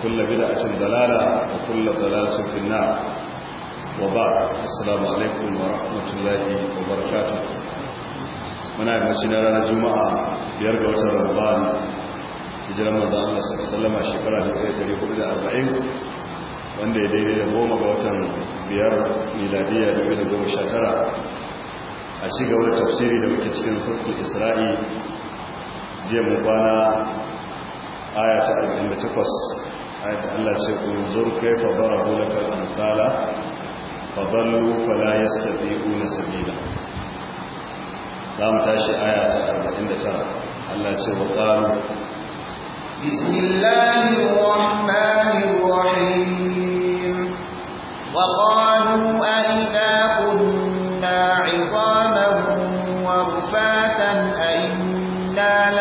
وكل بدعة ضلالة وكل ضلالة في النار وبعد السلام عليكم ورحمة wa وبركاته muna yi na ranar juma'a biyar ga watan ramadan hijirar maza Allah su sallama shekara da hudu da arba'in wanda ya daidai da goma ga watan biyar miladiyya da a ci gaba da tafsiri da muke cikin sulhul isra'i jiya mu kwana aya ta arba'in takwas ayat Allah ce unzur kayfa darabu lakal amsala fadallu fala yastati'una sabila zamu tashi aya ta 49 Allah ce wa qalu bismillahir rahmanir rahim wa qalu a idza kunna 'idhaman wa rufatan a inna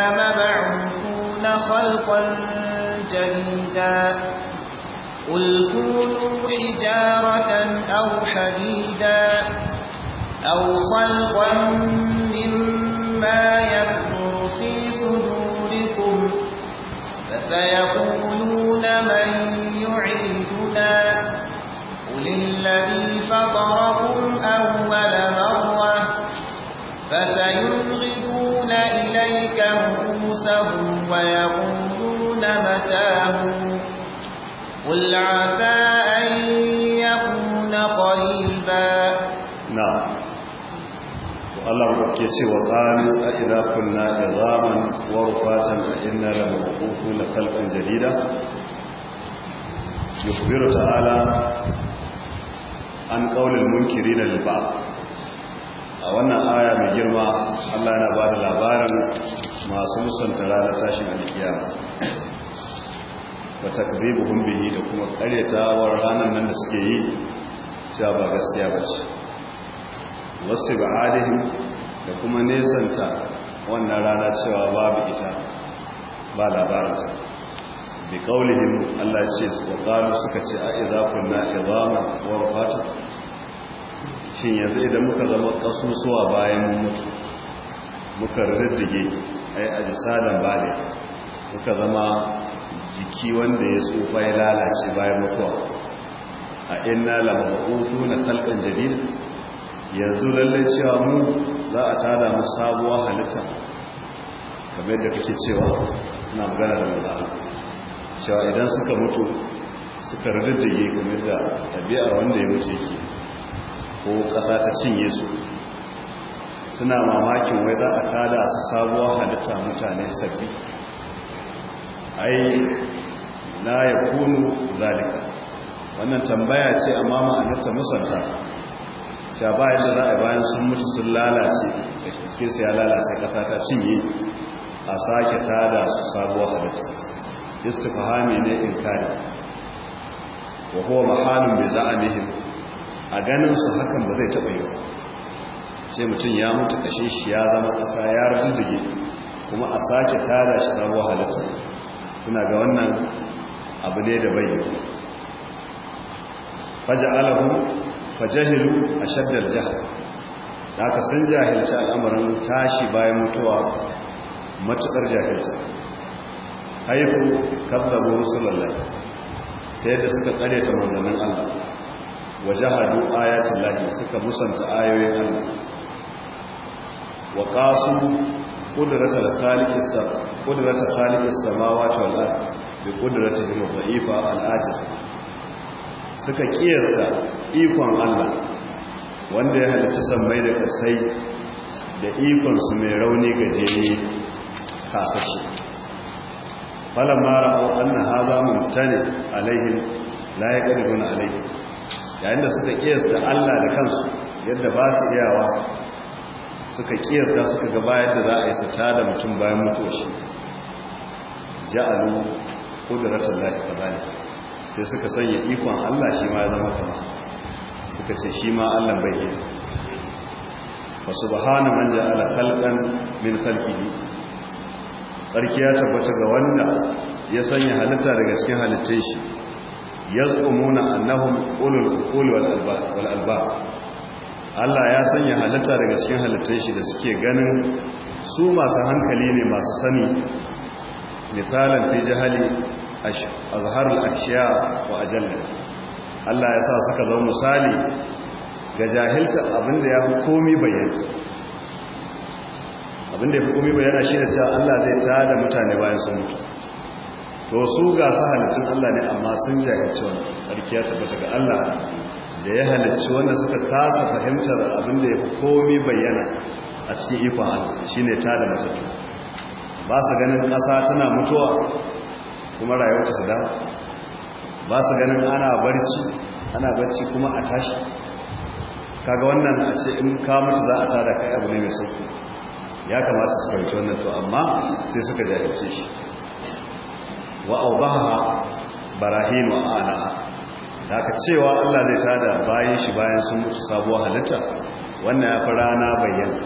قل كونوا حجارة أو حديدا أو خلقا مما يكبر في صدوركم فسيقولون من يعيدنا قل الذي فطركم أول مرة فسينغضون إليك رؤوسهم ويقولون متاهم قل عسى أن يكون قريبا نعم Allah ke cewa qalu a idza kunna idaman wa da a inna la mawqufuna khalqan jadida yukhbiru ta'ala an qawlil munkirin lil ba'd a wannan aya mai girma Allah na bada labaran masu musanta ranar tashin alkiyama wa takzibuhum bihi da kuma karyatawar ranar nan da suke yi cewa ba gaskiya bace. Wasu ba ba'adihim da kuma nesanta wannan rana cewa babu ita ba labarinta bi kaulihim Allah ce su qalu suka ce a idza kunna idama wa rufata shin yanzu idan muka zama kasusuwa bayan mun mutu muka riddige ai ajisadan bale muka zama jiki wanda ya tsufa ya lalace bayan mutuwa a inna lamabutu na talqan jadid yanzu lalle cewa mu za a tada mu sabuwar halitta kamar da kake cewa suna magana da maza cewa idan suka mutu suka rarrage kamar da tabi'ar wanda ya wuce ke ko kasa ta cinye su suna mamakin wai za a tada su sabuwar halitta mutane sabbi ai la kunu, zalika wannan tambaya ce amma ma'anarta musanta cewa ba yadda za a bayan sun mutu sun lalace da cikin su ya lalace kasa ta cinye a sake tada su sabuwar halitta istifhami ne in kare. wa huwa mahalun bi za'amihim a ganin su hakan ba zai taba yi ba sai mutum ya mutu kashin shi ya zama kasa ya rujuje kuma a sake tada shi sabuwar halitta suna ga wannan abu ne da bai faja'alahu fajahilu ashaddal jahl da aka san jahilci al'amarin tashi bayan mutuwa matukar jahilci haifu kadzabu rasulullahi sai da suka karyata manzannin Allah wajahadu ayatin lahi suka musanta ayoyin Allah wa qasu qudratul khaliqis قدرة خالق السماوات والأرض بقدرته الضعيفة العاجزة suka kiyasta ikon Allah wanda ya halitta sammai da kasai da ikonsu mai rauni jini kasashe falamma ra'au anna hadha mumtani alaihim la yaqdiruna alaihi yayin da suka kiyasta Allah da kansu yadda ba su iyawa suka kiyasta suka ga bayar da za a yi sata da mutum bayan mutuwa shi ja'alu qudratan lahi bani sai suka sanya ikon Allah shi ma ya zama kamar suka ce shi ma Allah bai yi fa subhana man ja'ala khalqan min khalqihi ya tabbata ga wanda ya sanya halitta daga cikin halittai shi yazumuna annahum ulul qul wal albab wal albab Allah ya sanya halitta daga cikin halittai shi da suke ganin su masu hankali ne masu sani misalan fi jahali azhar al-akshiya wa ajalla Allah ya sa suka zama misali ga jahilta abinda ya fi komi bayyana abinda ya fi komi bayyana shi ne cewa Allah zai tada mutane bayan sun mutu to su ga sa halittun Allah ne amma sun jahilci wani tsarkiya tabbata ga Allah da ya halicci wanda suka kasa fahimtar abinda ya fi komi bayyana a cikin ikon Allah ta tada mutane ba su ganin ƙasa tana mutuwa kuma rayuwarta su da ba su ganin ana barci ana barci kuma a tashi kaga wannan a ce in ka mutu za a tada kai abu ne mai sauki ya kamata su fahimci wannan to amma sai suka jahilce shi wa aubaha barahin wa ana da aka cewa Allah zai tada bayan shi bayan sun mutu sabuwar halitta wannan ya fi rana bayyana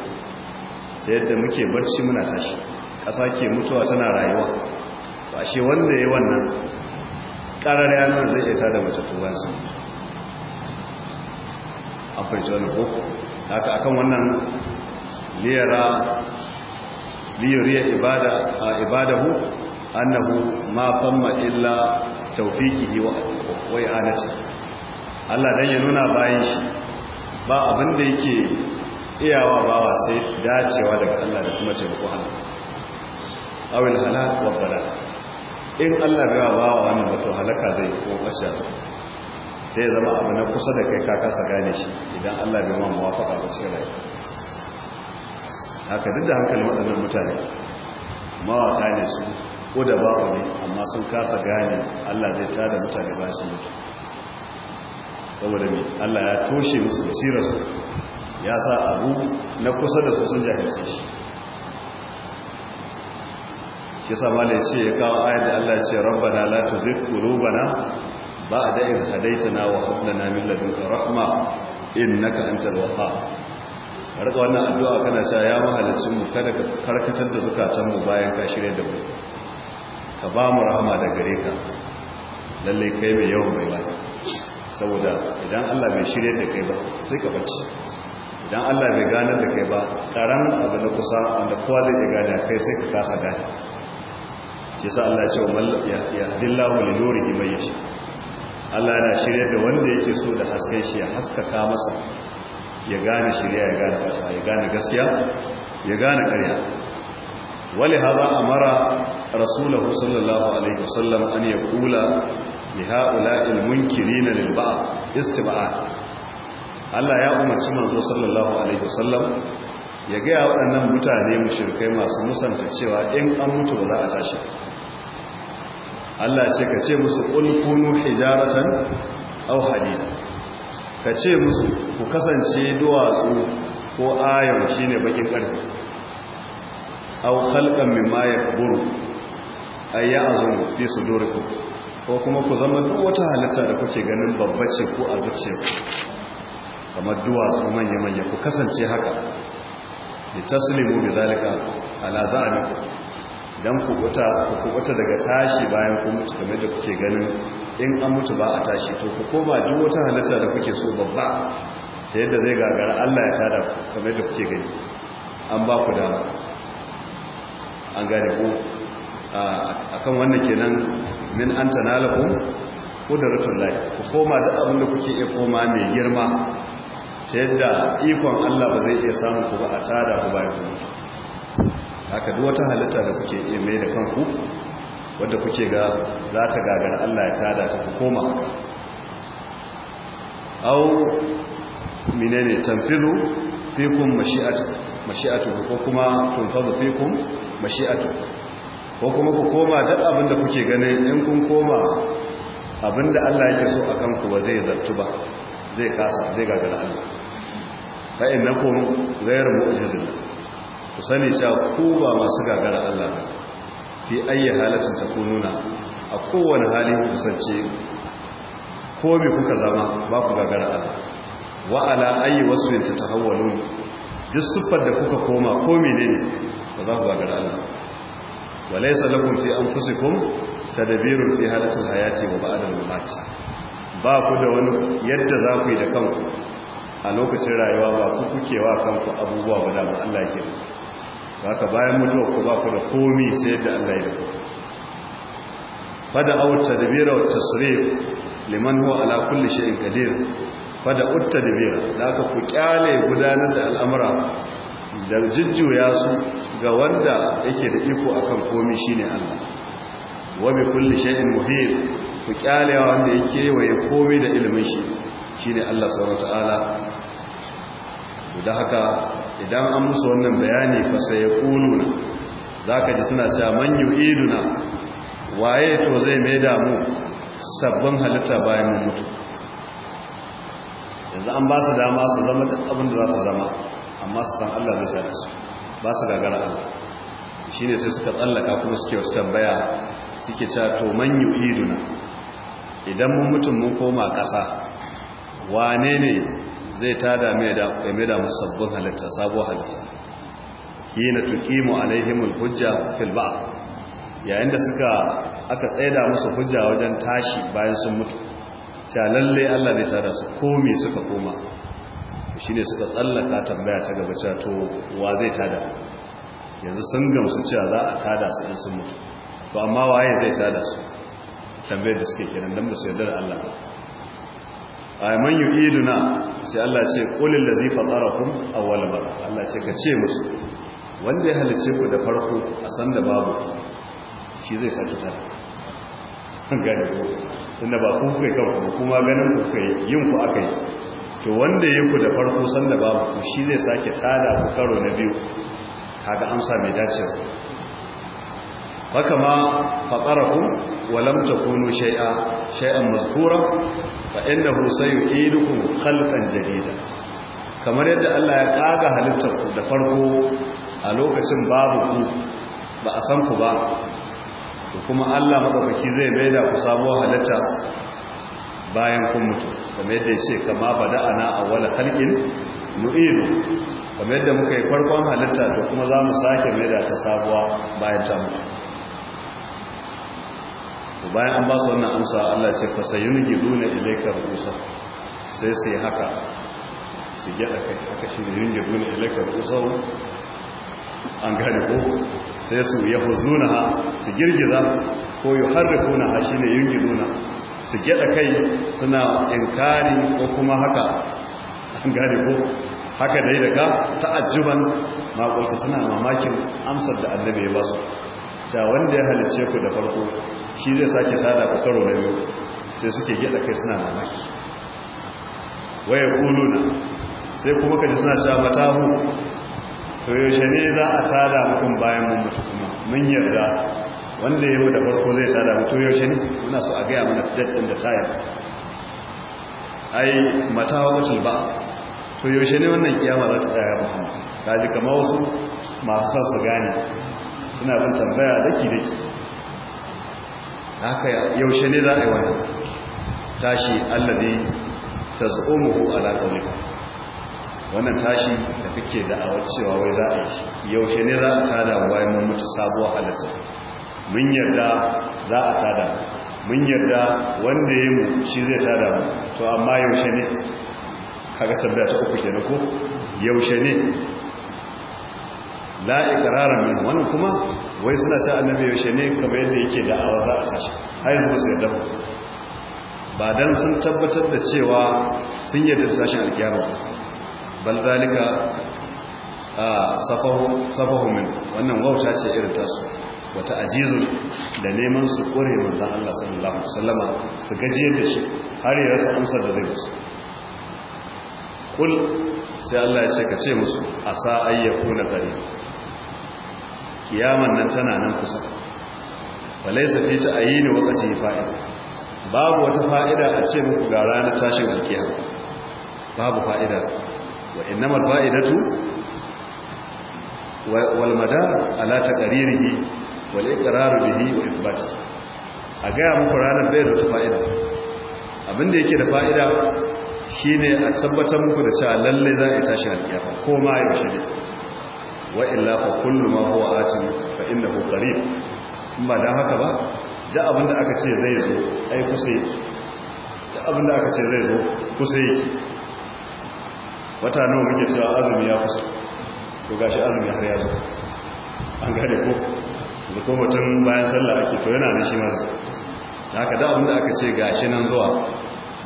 sai yadda muke barci muna tashi ƙasa ke mutuwa tana rayuwa ba shi wanda ya wannan ƙarar yanar zai iya da matattu su an fahimci wani ko haka akan wannan liyara liyariya ibadahu annahu ma famma illa yi wa i'anati Allah dan ya nuna bayan shi ba abinda yake iyawa bawa sai dacewa daga Allah da kuma taimako Allah awil halak wa bala in Allah bai wa bawa wannan wato halaka zai ko kasha sai ya zama abu na kusa da kai ka kasa gane shi idan Allah bai ma muwafaka ba sai rai haka duk da hankalin wadannan mutane mawaka ne su ko da ba ne amma sun kasa gane Allah zai tada mutane ba su mutu saboda me Allah ya toshe musu basirarsu ya sa abu na kusa da su sun jahilce shi yasa mala ya ce ya kawo ayar da Allah ya ce rabbana la tuzigh qulubana ba'da idh hadaytana wa hab lana min ladunka rahma innaka antal wahhab rika wannan addu'a kana cewa ya mahalicin mu kada ka karkatar da zukatan mu bayan ka shirye da mu ka ba mu rahama da gare ka lalle kai mai yawan baiwa saboda idan Allah bai shirye da kai ba sai ka bace idan Allah bai gane da kai ba karan abu na kusa wanda kowa zai gane kai sai ka kasa gane shi Allah ce wa yahdillahu li nurihi man yasha Allah yana shirye da wanda yake so da hasken shi ya haskaka masa ya gane shirya ya gane fata ya gane gaskiya ya gane ƙarya wali haza amara rasulahu sallallahu alaihi wasallam an ya kula li ha'ula'il munkirina lil ba'a istiba'a Allah ya umarci manzo sallallahu alaihi wasallam ya ga waɗannan mutane mushrikai masu musanta cewa in an mutu ba za a tashi ba Allah ce ka ce musu qul kunu hijaratan aw hadith ka ce musu ku kasance duwatsu ko ayon shine bakin karfi aw khalqan mimma yakburu ay ya'zumu fi sudurikum ko kuma ku zama duk wata halitta da kuke ganin babbace ko a zuciyarku kamar duwatsu manya-manya ku kasance haka da taslimu bi zalika ala za'amikum don kukuta daga tashi bayan ku mutu game da kuke ganin in an mutu ba a tashi to ku koma duk wata halitta da kuke so babba ta yadda zai gagara Allah ya tada ku kamar da kuke gani an ba ku dama an gane ku a kan wannan kenan min an da qudratul lai ku koma da abin da kuke iya koma mai girma ta yadda ikon Allah ba zai iya samun ku ba a tada ku bayan ku mutu haka duk wata halitta da kuke iya mai da kanku wadda kuke ga za ta gagara Allah ya tada ta ku koma haka au mine ne fikum mashi'atu mashi'atu ko kuma tunfadu fikum mashi'atu ko kuma ku koma duk abin da kuke ganin in kun koma abin da Allah yake so a kanku ba zai zartu ba zai kasa zai gagara Allah fa innakum ghayru mu'jizin ku sani cewa ku ba masu gagara Allah fi ayyi halatin nuna a kowane hali ku kusance ko me kuka zama ba ku gagara Allah wa ala ayyi ta tatahawwalun duk siffar da kuka koma ko menene ba za ku gagara Allah wa laysa lakum fi anfusikum tadbirun fi halatil hayati wa ba'da al ba ku da wani yadda za ku yi da kanku a lokacin rayuwa ba ku kuke wa kanku abubuwa ba da Allah ke haka bayan mutuwa ku ba ku da komi sai da Allah ya dafa fada au tadbira wa tasrif liman huwa ala kulli shay'in qadir fada ut tadbira da aka ku kyale gudanar da al'amura da jujjuya su ga wanda yake da iko akan komi shine Allah wa bi kulli shay'in muhit ku kyale wanda yake waye komi da ilimin shi shine Allah subhanahu wa ta'ala da haka idan an musu wannan bayani fa sai za zaka ji suna cewa man yu'iduna waye to zai mai damu sabbin halitta bayan mun mutu yanzu an ba su dama su zama duk abin da za su zama amma su san Allah zai sa su ba su gagara Allah shine sai suka tsallaka kuma suke wasu tambaya suke cewa to man yu'iduna idan mun mutum mun koma ƙasa wane ne zai tada mai da mai sabbin halitta sabuwar halitta na tuqimu alaihimul hujja fil ba'th yayin da suka aka tsaida musu hujja wajen tashi bayan sun mutu cewa lalle Allah zai tada su me suka koma shine suka tsallaka tambaya ta gaba cewa to wa zai tada yanzu sun gamsu cewa za a tada su in sun mutu to amma waye zai tada su tambayar da suke kenan dan ba su yarda da Allah man yu'iduna sai Allah ce qulil ladzi fatarakum awwal marra Allah ce ka ce musu wanda ya halice ku da farko a san da babu shi zai sake ta gani ko inda ba ku kai kanku kuma ganin ku kai yin ku akai to wanda ya ku da farko san da babu ku shi zai sake tada ku karo na biyu kaga amsa mai dacewa haka ma fatarakum wa lam takunu shay'a shay'an mazkura fa innahu sayu'idukum khalqan jadida kamar yadda Allah ya kaga halittar ku da farko a lokacin babu ku ba a san ku ba to kuma Allah madaukaki zai maida ku sabuwar halitta bayan kun mutu kamar yadda ya ce kama a awwala khalqin nu'idu kamar yadda muka yi farkon halitta to kuma za mu sake maida ta sabuwa bayan ta mutu bayan an ba su wannan amsa Allah ce fa sayunjiduna ilayka rusul sai sai haka su gyada kai haka shi ne yunjiduna ilayka rusul an gane ko sai su yahuzuna su girgiza ko yuharrifuna shi ne yunjiduna su gyada kai suna inkari ko kuma haka an gane ko haka dai daga ta'ajjuban maƙulta suna mamakin amsar da annabi ya ba su wanda ya halice ku da farko shi zai sake sada ku karo na biyu sai suke gida kai suna mamaki waya kuluna sai kuma kaji suna sha matahu to yaushe ne za a tada mutum bayan mun mutu kuma mun yarda wanda ya yi da farko zai tada mutu yaushe ne muna so a gaya mana daddin da tayar ai mata mutul ba to yaushe ne wannan kiyama za ta tsaya mutum kaji kamar wasu masu sa su gane suna bin tambaya daki daki haka yaushe ne za a yi wani tashi allazi tazumuhu ala qawlikum wannan tashi da kake da awar cewa wai za a yi yaushe ne za a tada wa mun mutu sabuwa halatta mun yarda za a tada mun yarda wanda ya mu shi zai tada mu to amma yaushe ne kaga sabbata ta uku kenan ko yaushe ne la min wannan kuma wai suna ce annabi yaushe ne kamar yadda yake da awa za a tashi hain su sai dafa? ba dan sun tabbatar da cewa sun yarda da sashin alkiyarwa bal zalika safahu min wannan wauta ce irin tasu wata ajizu da neman su kore manzan Allah sallallahu alaihi su gajiyar da shi har ya rasa amsar da zai musu kul sai Allah ya ce ka ce musu a asa ayyakuna qarib kiyaman nan tana nan kusa walaysa fi ta'yin wa qati fa'ida babu wata fa'ida a ce muku ga ranar tashin alkiyama babu fa'ida wa innamal fa'idatu wal madar ala taqririhi wal iqrar bihi wa ithbat a ga muku ranar bai da wata fa'ida abinda yake da fa'ida shine a tabbatar muku da cewa lalle za a tashi alkiyama ko ma yaushe ne wa illa fa kullu ma huwa atin fa innahu qarib amma dan haka ba da abin da aka ce zai zo ai kusa yake da abin da aka ce zai zo kusa yake wata nawa muke cewa azumi ya kusa to gashi azumi har ya zo an gane ko da ko mutum bayan sallah ake to yana da shi ma zai haka da abin da aka ce gashi nan zuwa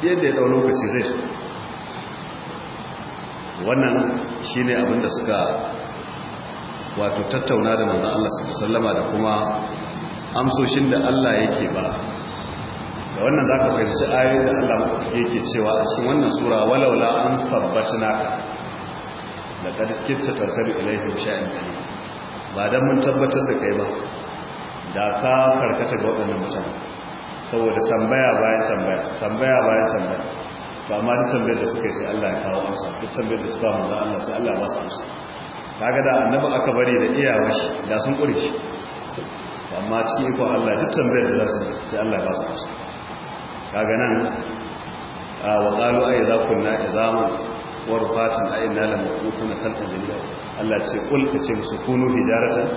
yadda ya dau lokaci zai zo wannan shine abin da suka wato tattauna da manzan Allah sallama da kuma amsoshin da Allah yake ba da wannan za ka fahimci ayoyin da Allah yake cewa a cikin wannan sura walaula an fabbatna da ƙarƙin ta tarkabi ilaihim sha'in ɗari ba don mun tabbatar da kai ba da ka karkata ga wannan mutane saboda tambaya bayan tambaya tambaya bayan tambaya ba ma duk tambayar da suka yi sai Allah ya kawo amsa duk tambayar da suka manzan Allah sai Allah ya ba su amsa kaga da annabi aka bari da iyawa shi da sun kure shi amma cikin ikon Allah duk tambayar da za su sai Allah ba su amsa kaga nan wa qalu ay za kunna fatan wa ina ay inna lam yakuna khalqan jalila Allah ce kul ce musu kunu hijaratan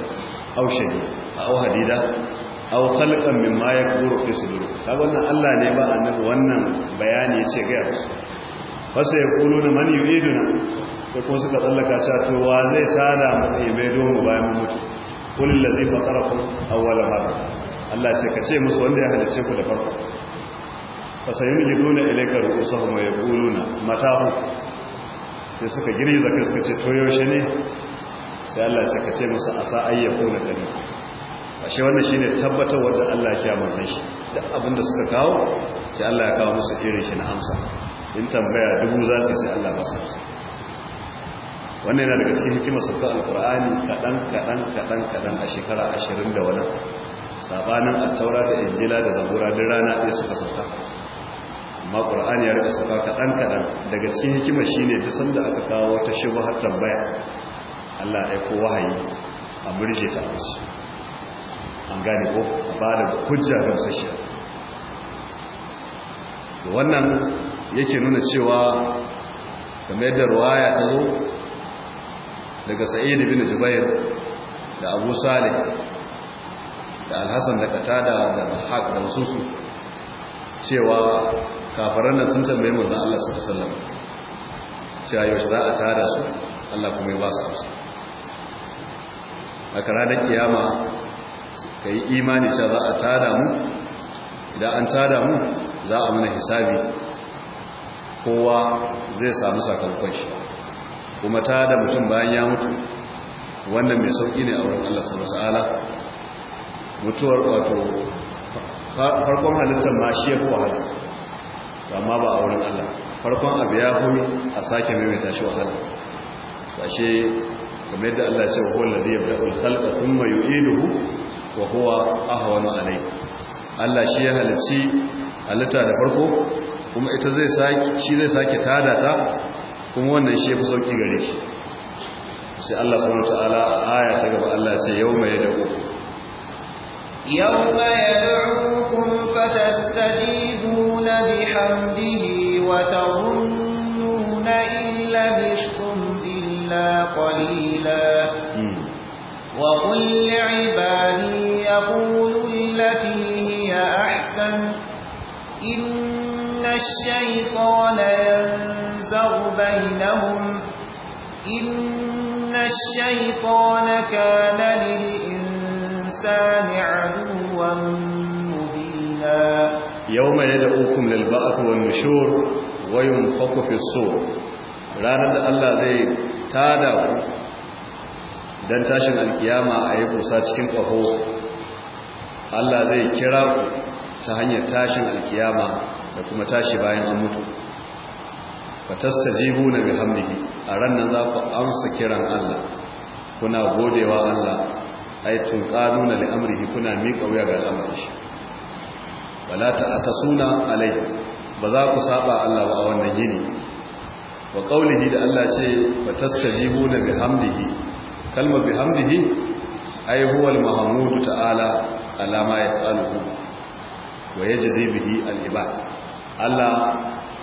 aw shadi aw hadida aw khalqan mimma yakburu fi sudur kaga wannan Allah ne ba annabi wannan bayani yace ga yasu fa sai yaquluna man yu'iduna ko kuma suka tsallaka cewa to wa zai tada mu ɗaibe domin bayan mu mutu kulin da zai fatsara ku awwala mara Allah ce ka ce musu wanda ya halice ku da farko fa sayyid yiduna ilayka ru'usahum wa yaquluna matahu sai suka girye da kai suka ce to yaushe ne sai Allah ce ka ce musu asa ayyakuna dani ashe wannan shine tabbatar wanda Allah ya kiyaye shi duk abin da suka kawo sai Allah ya kawo musu irin shi na amsa in tambaya dubu za su sai Allah ba su amsa wannan yana daga cikin hikimar sabbin alkur'ani kaɗan kaɗan kaɗan kadan a shekara ashirin da wani sabanin attaura da injila da zabura duk rana ɗaya suka sauka amma ƙur'ani ya rika sauka kaɗan kaɗan daga cikin hikimar shine ta sanda aka kawo wata shubha har tambaya Allah ya ko wahayi a murje ta musu an gane ko ba da hujja gamsashiya wannan yake nuna cewa game da ruwaya ta zo daga Sa'idu bin jubair da abu sale da alhassan da kata da haka da wasusu cewa kafaran nan sun tambaye manzon Allah su alaihi wasallam cewa yau za a tada su Allah kuma ya ba su hausa a da kiyama ka yi imani cewa za a tada mu idan an tada mu za a mana hisabi kowa zai samu sakamakon shi kuma ta da mutum bayan ya mutu wannan mai sauƙi ne a wurin Allah subhanahu wataala mutuwar wato farkon halittar ma shi ya fi wahala amma ba a wurin Allah farkon abu ya fi a sake maimaita shi wahala sashe kamar yadda Allah ce wa huwa allazi yabda'ul mai yi ilu wa kowa huwa ahwanu alai. Allah shi ya halici halitta da farko kuma ita shi zai sake tada ta kuma wannan shi ya fi sauki gare shi sai Allah subhanahu ta'ala a aya ta gaba Allah yau Yau mai da ku. ya ce yawma yad'u yawma yad'ukum fatastajibuna bihamdihi wa tazunnuna illa bishkum illa qalila وقل ya يقولوا التي هي أحسن إن الشيطان يدعو بينهم إن الشيطان كان للإنسان عدوا مبينا يوم يدعوكم للبعث والنشور وينفق في الصور ranar da Allah zai tada ku don tashin alkiyama a yi kusa cikin ƙaho Allah zai kira ku ta hanyar tashin alkiyama da kuma tashi bayan an mutu fatastajibuna bihamdihi a ran nan za ku amsa kiran Allah kuna godewa Allah ai tunqaduna li amrihi kuna miƙa wuya ga al'amarin shi ta suna alai ba za ku saba Allah ba a wannan yini Ba qaulihi da Allah ce fatastajibuna bihamdihi kalmar bihamdihi ai huwa al-mahmud ta'ala ala ma yaqaluhu wa yajzi bihi al Allah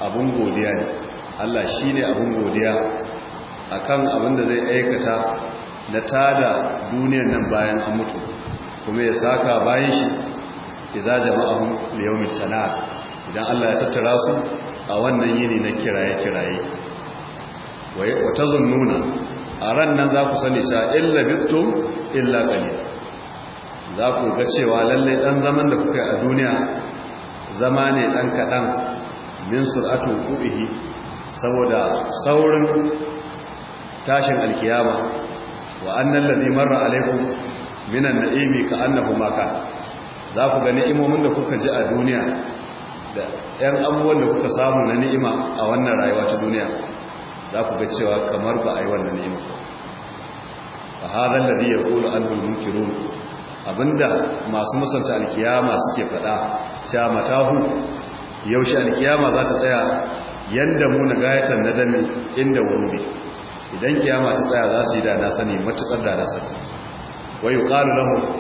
abun godiya ne Allah shi ne abin godiya a kan abin da zai aikata na tada duniyar nan bayan an mutu kuma ya saka bayan shi iza jama'ahun liyomin sana'at idan Allah ya tattara su a wannan yini na kiraye-kiraye wata nuna a ran nan za ku sani sha illa bistum illa qalil za ku ga cewa lallai ɗan zaman da kuka yi a duniya zama ne ɗan kaɗan min sur'atu qubihi saboda saurin tashin alkiyama wa annan ladhi marra alaikun minan na'imi ka annahu maka za ku ga ni'imomin da kuka ji a duniya da yan abubuwan da kuka samu na ni'ima a wannan rayuwa ta duniya za ku ga cewa kamar ba a yi wannan ni'ima fa hadha alladhi yaqulu an dubin kiro abinda masu musanta alkiyama suke faɗa cewa matahu yaushe alkiyama za ta tsaya yanda mu na gayatan na dami inda wuri idan kiyama ta tsaya za su yi da nasa sani matuƙar da nasa wayo ƙalu na hu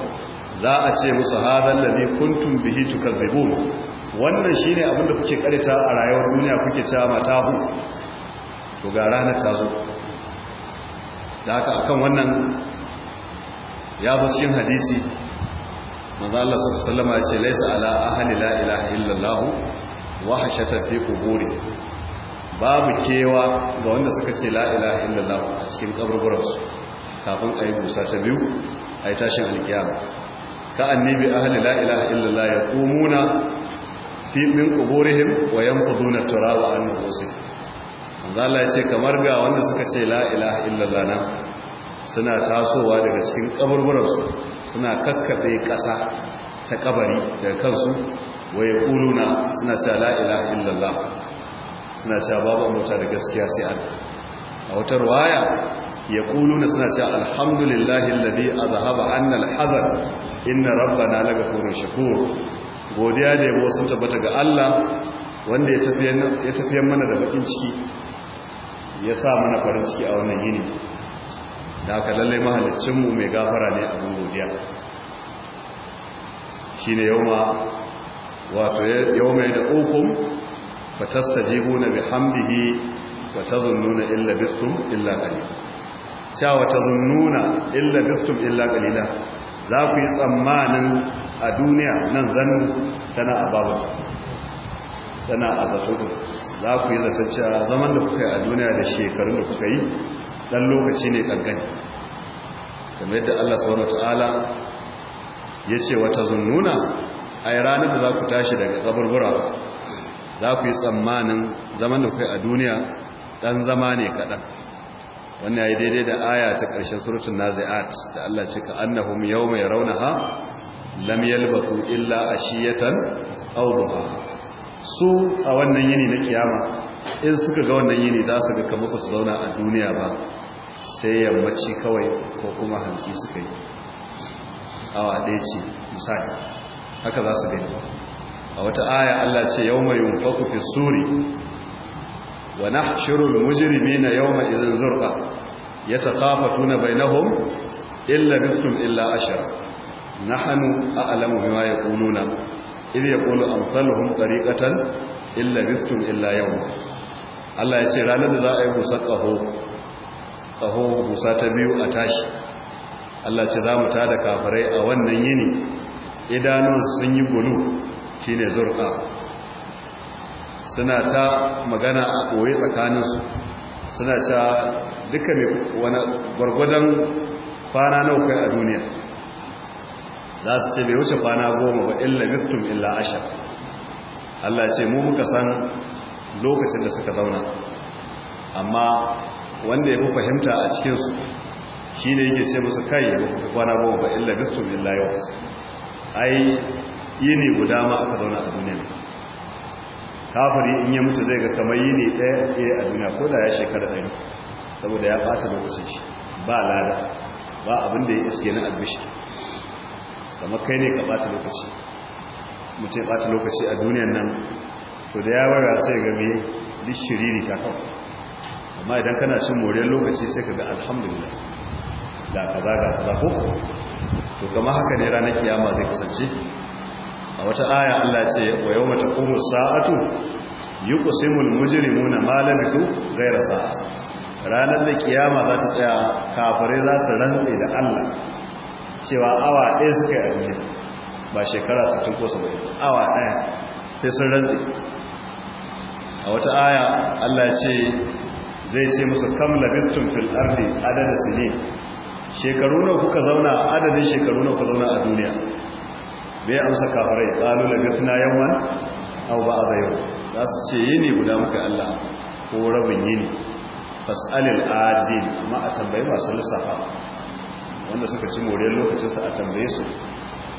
za a ce musu da ne kuntun bihi tukadzibun wannan shine abin da kuke karita a rayuwar duniya kuke cewa mata hu to ga ranar ta zo da haka akan wannan ya fi cikin hadisi manzo Allah sallallahu ya ce laisa ala ahli la ilaha illallah wahshata fi babu kewa ga wanda suka ce la'ila illallah a cikin kaburburansu kafin a yi busa ta biyu a yi tashin alkiyama ka annabi ahli la'ila illallah ya kumuna fi min kuburihim wa na yanfuduna turawa an nufusi Allah ya ce kamar ga wanda suka ce la'ila illallah na suna tasowa daga cikin kaburburansu suna kakkaɓe ƙasa ta ƙabari daga kansu wa ya kuluna suna ce la'ila illallah suna cewa babu mota da gaskiya sai an a wata ruwaya ya na suna cewa alhamdulillahi alladhi azhaba anna alhazan inna rabbana furin shakur godiya da yabo sun tabbata ga Allah wanda ya tafiyar mana da bakin ciki ya sa mana farin ciki a wannan yini da aka lallai mahalicinmu mai gafara ne abin godiya shi ne yau ma wato yau mai da ukun fa tastajibuna bihamdihi wa tazunnuna illa bistum illa qalila cewa tazunnuna illa bistum illa qalila za ku yi tsammanin a duniya nan zannu tana a babata tana a zato za ku yi zatacciya zaman da kuka yi a duniya da shekarun da kuka yi dan lokaci ne kankani kamar yadda Allah subhanahu wataala ya ce wata zunnuna a ranar da za ku tashi daga kaburbura za ku yi tsammanin zaman da kai a duniya ɗan zama ne kaɗan wani ya yi daidai da aya ta ƙarshen surutun nazi'at da Allah ce ka annahum yau mai rauna ha? lam yalbatu illa a shiyatan duha su a wannan yini na kiyama in suka ga wannan yini za su ga kamar su zauna a duniya ba sai yammaci kawai ko kuma hantsi suka yi awa ɗaya ce misali haka za su gani a wata aya Allah ce yawma yunfaku fi suri wa nahshuru al-mujrimina yawma idhin zurqa yatakhafatuna bainahum illa bithum illa ashara nahnu a'lamu bima yaquluna idh yaqulu amsaluhum tariqatan illa bithum illa yawma Allah ya ce ranar da za a yi busa ƙaho musa ta biyu a tashi Allah ce za mu tada kafirai a wannan yini idanunsu sun yi gulu shine zurqa suna ta magana a koyi tsakaninsu suna ta duka mai wani gwargwadon kwana nau kai a duniya za su ce bai wuce kwana goma ba illa mittum illa asha. Allah ce mu muka san lokacin da suka zauna amma wanda ya fi fahimta a cikinsu shi ne yake ce musu kai kwana goma ba illa mittum illa yau ai ne guda ma aka zauna a duniya kafari in ya mutu zai ga kamar ne ɗaya ɗaya a duniya ko da ya shekara ɗari saboda ya ɓata lokaci shi ba lada ba abin da ya iske na albishi kamar kai ne ka ɓata lokaci mutu ya ɓata lokaci a duniyan nan to da ya wara sai ga me duk shiriri ta kawo amma idan kana cin moriyar lokaci sai ka ga alhamdulillah da za ga kaza ko to kama haka ne ranar kiyama zai kasance a wata aya Allah ce wa yau mata kuma sa'atu yi kusimul mujrimuna malabitu gaira sa'as ranar da kiyama za ta tsaya kafare za su rantsi da Allah cewa awa ɗaya suka yi ba shekara 60 ko 70 awa ɗaya sai sun rantsi a wata aya Allah ce zai ce musu kam labittun fil ardi adada ne shekaru nawa kuka zauna adadin shekaru nawa kuka zauna a duniya bai amsa kafirai da gafina yawan yawman ba a yau za su ce yini guda muka Allah ko rabin yini fas'alil adil kuma a tambayi masu lissafa wanda suka ci moriyar lokacinsa a tambaye su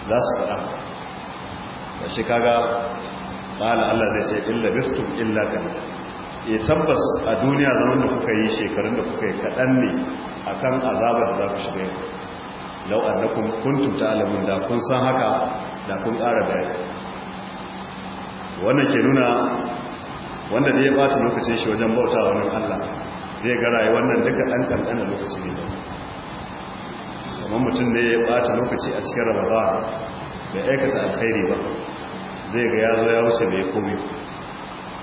za su faɗa da shi kaga ƙala Allah zai ce illa biftum illa ƙalila ya eh, tabbas a duniya zaman da kuka yi shekarun da kuka yi kaɗan ne a kan azabar da za ku shiga yau lau annakum kuntum alamun da kun san haka da kun ƙara bayan wannan ke nuna wanda da ya bata lokacin shi wajen bauta wa wani Allah zai gara yi wannan duka ɗan ƙanƙan da lokaci ne kamar mutum da ya bata lokaci a cikin ramadan bai aikata alkhairi ba zai ga ya zo ya wuce bai komi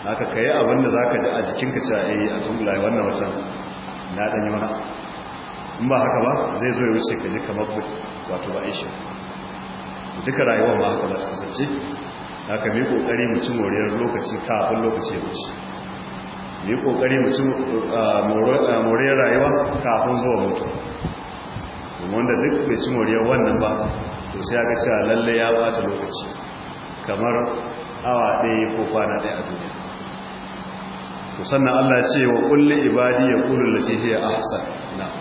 haka ka yi abin da za ka ji a jikinka ce a yi a tungula wannan watan na yi wani in ba haka ba zai zo ya wuce ka ji kamar wato ba aishi duka rayuwar ma haka za ta kasance ka mai kokari mu ci moriyar lokaci kafin lokaci ya wuce mai kokari mu ci ah, ah, moriyar rayuwa kafin zuwa mutu wanda duk bai ci moriyar wannan ba to sai ya ga cewa lalle ya bata lokaci kamar awa ɗaya ko kwana ɗaya a duniya to sannan Allah ya ce wa kulli ibadi ya kullu lati hiya ahsan na'am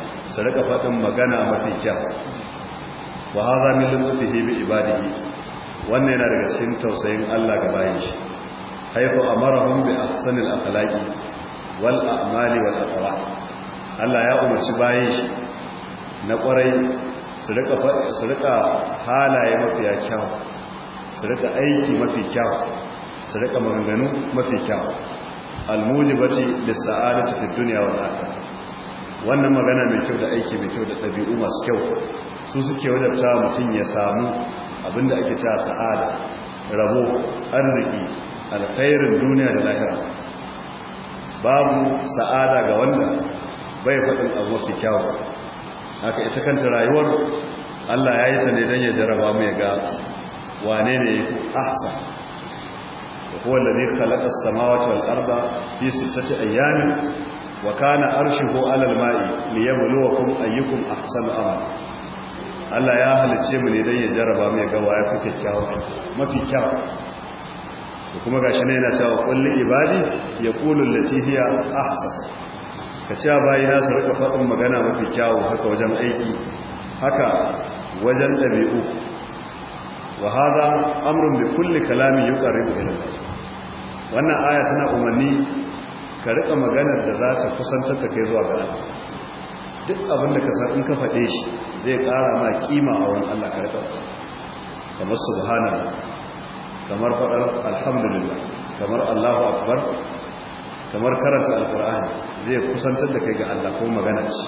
su rika faɗin magana mafi kyau wa haza min lutfihi bi ibadihi wannan yana daga cikin tausayin Allah ga bayan shi haifu a amarahum bi ahsanil akalaki. wal a'mali wal aqwa Allah ya umarci bayan shi na kwarai su rika halaye mafi kyau su rika aiki mafi kyau su rika maganganu mafi kyau al mujibati lis sa'adati fid dunya wal akhirah wannan magana mai kyau da aiki mai kyau da ɗabi'u masu kyau su suke wadatta mutum ya samu abinda ake ta sa'ada rabo arziki alkhairin duniya da lahira babu sa'ada ga wanda bai faɗin abu mafi kyawu haka ita kanta rayuwar Allah ya yi ta ne don ya jaraba mai ya ga wane ne ya fi ahsan da kowanne zai kalaƙar samawa ta al'arba fi sittata ayyamin wa kana arshihu alal ma'i liyabluwakum ayyukum ahsanu amala Allah ya halice mu ne dan ya jarraba mu ya ga waye ku kyakkyawa mafi kyawu kuma gashi ne yana cewa kulli ibadi yaqulu allati hiya ahsan ka cewa bayi na su rika faɗin magana mafi kyawu haka wajen aiki haka wajen ɗabi'u wa haza amrun bi kulli kalamin yuqarribu ila wannan aya tana umarni ka riƙa magana da za ta kusantar da kai zuwa ga duk abinda ka san in ka faɗe shi zai ƙara ma kima a wani Allah ka riƙa kamar subhanallah kamar faɗar alhamdulillah kamar Allahu akbar kamar karanta alkur'ani zai kusantar da kai ga Allah ko magana ce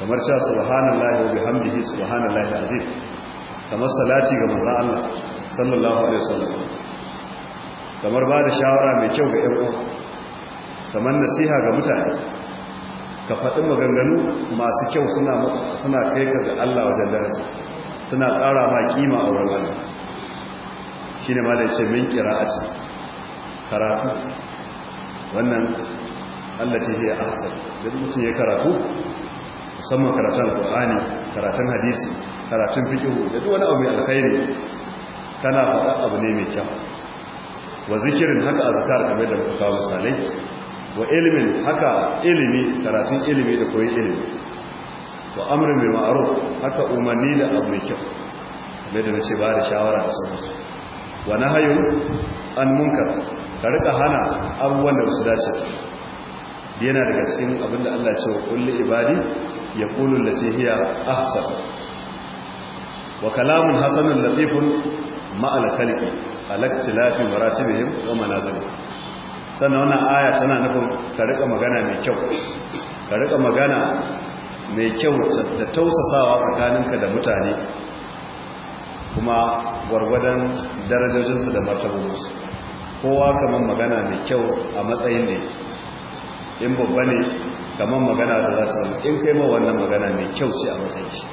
kamar cewa subhanallahi wa bihamdihi subhanallahi alazim kamar salati ga manzon Allah sallallahu alaihi wasallam kamar ba da shawara mai kyau ga ƴan uwa kamar nasiha ga mutane ka faɗi maganganu masu kyau suna kai ga Allah wajen darasi suna ƙara ma kima a wurin Allah shi ne ma da ce min ƙira'ati karatu wannan Allah ce ya ahsan duk mutum ya karatu musamman karatun Qur'ani karatun hadisi karatun fiqh da duk wani abu mai alkhairi kana faɗa abu ne mai kyau wa zikirin haka zakar kamar da muka musalai wa ilimin haka ilimi karatun ilimi da koyi ilimi wa mai ma'aruf ma'ruf haka umarni da abu mai kyau kamar da nace ba da shawara da sauransu wa nahyu an munkar ka rika hana abubuwan da su dace yana daga cikin abinda Allah ce wa kulli ibadi yaqulu allati hiya ahsan wa kalamun hasanun latifun ma'al khaliqi alaktilafi maratibihim wa manazilihim sannan wannan aya tana nufin ka rika magana mai kyau ka rika magana mai kyau da tausasawa tsakaninka da mutane kuma gwargwadon darajojinsu da martabarsu kowa kamar magana mai kyau a matsayin ne in babba ne kamar magana da za su in kai ma wannan magana mai kyau ce a matsayin shi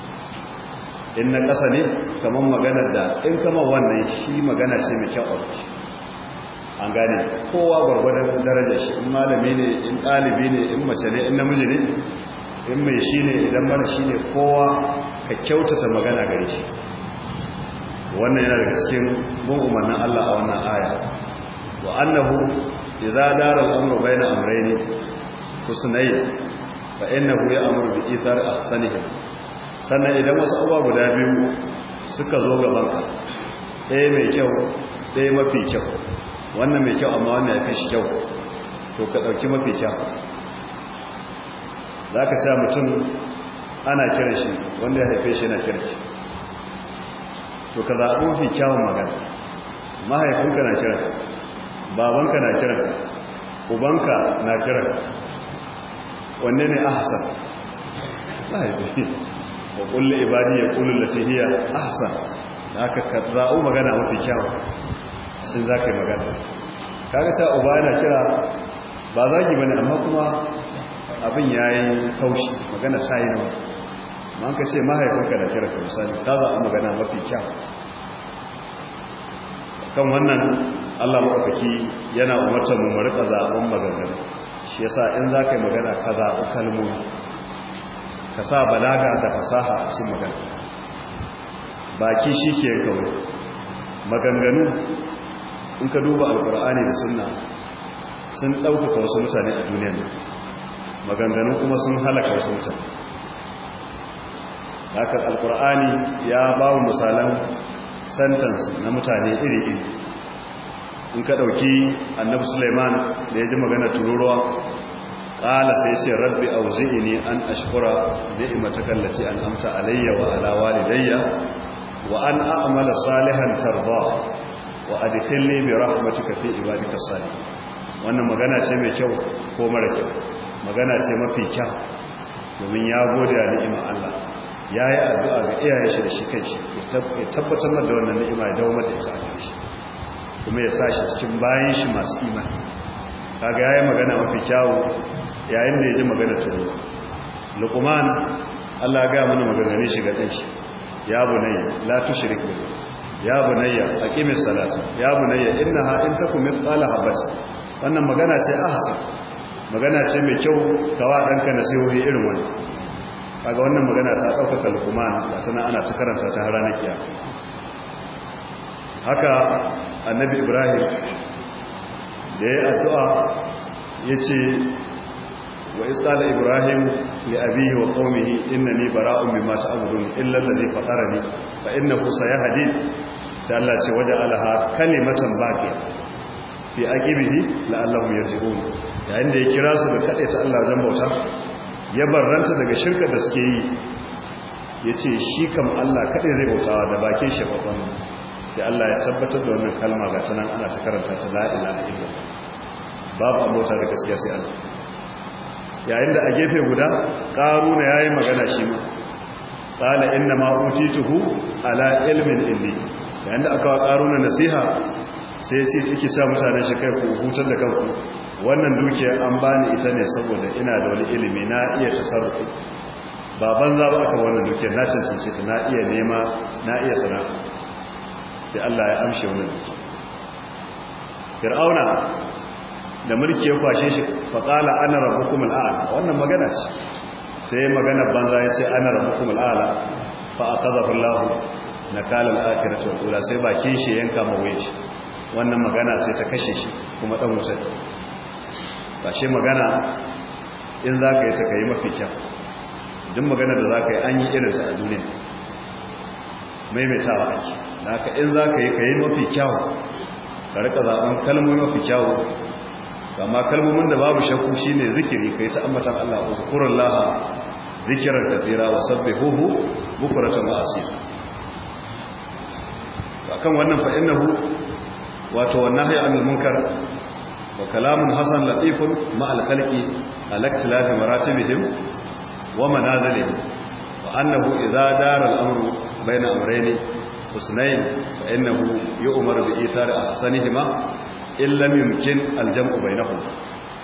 in na ƙasa ne kamar magana da in kama wannan shi magana ce mai kyau a wuce an gane kowa gwargwadon darajar shi in malami ne in ɗalibi ne in mace ne in namiji ne in mai shi ne idan mara shi ne kowa ka kyautata magana gare shi wannan yana daga cikin bin umarnin Allah a wannan aya wa annahu idza dara al-amru bayna amrayn husnayn fa innahu ya'muru bi ithar ahsanihim sannan idan wasu abubuwa guda biyu suka zo gaban ka ɗaya mai kyau ɗaya mafi kyau wannan mai kyau amma wannan ya fi shi kyau to ka ɗauki mafi kyau za ka ce mutum ana kiran shi wanda ya haife shi yana shi to ka zaɓi mafi kyawun magana mahaifinka na kiran babanka na kiran ubanka na kiran wanne ne ahsan mahaifi wa kulle ibadi ya kullu lati hiya ahsan da aka zaɓi magana mafi kyawun sun za ka yi magana kaga sa uba yana kira ba za ki bane amma kuma abin ya yi kaushi magana ta yi nawa ma an ka ce mahaifinka da kira ka misali ta za a magana mafi kyau kan wannan allah mafafaki yana umarta mu mu rika zaɓen maganganu shi yasa in za ka yi magana ka zaɓi kalmomi ka sa balaga da fasaha a cikin magana baki shi ke kawai maganganu in ka duba alkur'ani da sunna sun ɗaukaka wasu mutane a duniya ne maganganun kuma sun halaka wasu mutane haka alkur'ani ya ba wa misalan sentence na mutane iri-iri in ka ɗauki annabi suleiman da ya ji magana tururuwa ƙala sai ce rabbi a ne an ashkura ni'imatakar kallace an amta alayya wa ala walidayya wa an a'amala salihan tarba wa adkhilni bi rahmatika fi ibadika salih wannan magana ce mai kyau ko mara kyau magana ce mafi kyau domin ya gode da ni'imar Allah ya yi addu'a ga iyaye shi da shi kanshi ya tabbatar da wannan ni'ima ya dawo mata ita shi kuma ya sa shi cikin bayan shi masu imani kaga yi magana mafi kyawu yayin da ya ji magana tuni luqman Allah ga mana magana ne shi ga dan shi ya bunai la tushrik billah ya bunayya aqimis salata ya bunayya innaha in takum mithqala habat wannan magana ce ahsan magana ce mai kyau kawa danka nasihohi irin wannan kaga wannan magana ta daukaka alquman latana ana ta karanta ta har ranar kiyama haka annabi ibrahim da ya addu'a yace wa isala ibrahim li abihi wa qaumihi innani bara'un mimma ta'budun illa allazi fatarani fa innahu sayahdi sai Allah ce waje alaha kalimatan baqiya fi aqibihi la'allahum yarji'un yayin da ya kira su da kadaita ta Allah zan bauta ya barranta daga shirka da suke yi yace shi kam Allah kadai zai bautawa da bakin shi babban sai Allah ya tabbatar da wannan kalma ga tunan ana ta karanta ta la ilaha illallah babu abota da gaskiya sai Allah yayin da a gefe guda karuna yayi magana shi ma qala inna ma utituhu ala ilmin indi yayin da aka karo na nasiha sai ce yake sa mutane shi kai ku hutar da kanku wannan dukiya an bani ita ne saboda ina da wani ilimi na iya tasarrufi ba banza ba aka wannan dukiyar na cancanci ta na iya nema na iya sana'a sai Allah ya amshe wannan dukiya fir'auna da mulki ya kwashe shi faƙala ana rabbukum al'ala wannan magana ce sai magana banza ya ce ana rabbukum al'ala fa akhadhahu Allah na kalal akiratu ula sai bakin shi yanka mawai shi wannan magana sai ta kashe shi kuma ɗan wuta ba shi magana in za ka yi ta kayi mafi kyau duk magana da za ka yi an yi irinsa a duniya maimaitawa ake da haka in za ka yi ka yi mafi kyau ka rika zaɓen kalmomi mafi kyau amma kalmomin da babu shakku shi ne zikiri ka yi ta ambatan Allah wa zukurar laha zikirar kafira wa sabbe huhu bukuratan ma'asir akan wannan fa innahu wato wannan hayy anil munkar wa kalamun hasan latifun ma a khalqi al ikhtilafi wa manazilihim wa annahu idza dara al amru bayna amrayn husnayn fa innahu yu'maru bi ithari ahsanihima illa yumkin aljamu bai bainahuma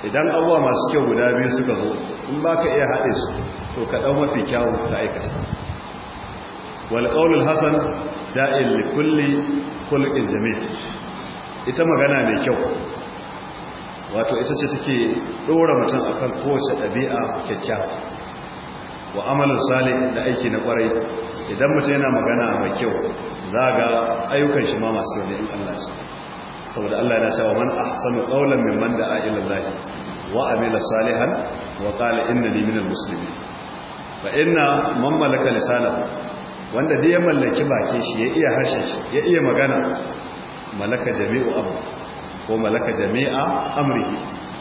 idan abuwa masu kyau guda biyu suka zo in ba ka iya haɗe su to ka ɗau mafi kyawun ka aikata wal ƙaunin da'il li kulli khulqin jamil ita magana mai kyau wato ita ce take dora mutum akan kowace ɗabi'a kyakkyawa wa amalin salih da aiki na kwarai idan mutum yana magana mai kyau za ga ayyukan shi ma masu kyau ne in Allah ya saboda Allah yana cewa man ahsanu qawlan mimman da'a ila Allah wa amila salihan wa qala innani minal muslimin fa inna man malaka lisanahu wanda dai ya mallaki bakin shi ya iya harshen shi ya iya magana malaka jami'u abu ko malaka jami'a amri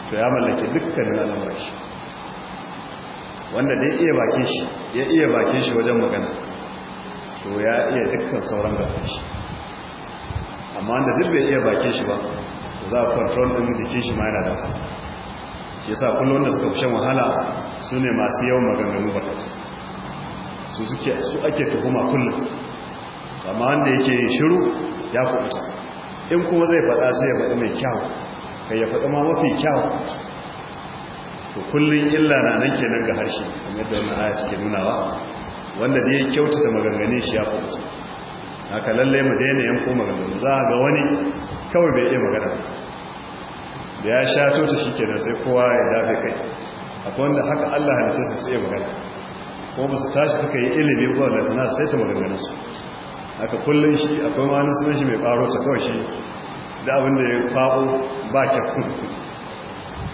to ya mallaki dukkanin al'amuran shi wanda dai iya bakin shi ya iya bakin shi wajen magana to ya iya dukkan sauran gaban shi amma wanda duk bai iya bakin shi ba za a control din jikin shi ma yana da shi yasa kullum wanda suka fi shan wahala su ne masu yawan maganganu ba ta su suke su ake tuhuma kullum amma wanda yake shiru ya kubuta in kuma zai faɗa sai ya faɗi mai kyau kai ya faɗi ma mafi kyau to kullum illa na nan kenan ga harshe kamar yadda wannan aya cikin nunawa wanda da ya kyautata maganganun shi ya kubuta haka lallai mu daina yan ko maganganu za a ga wani kawai bai iya magana da ya sha tota shi kenan sai kowa ya dafe kai akwai wanda haka Allah halice su sai magana ko ba su tashi suka yi ilimi ba da na sai ta maganganun su aka kullum shi akwai wani sunan shi mai ɓaro ta kawai shi da abin da ya faɓo ba kyakku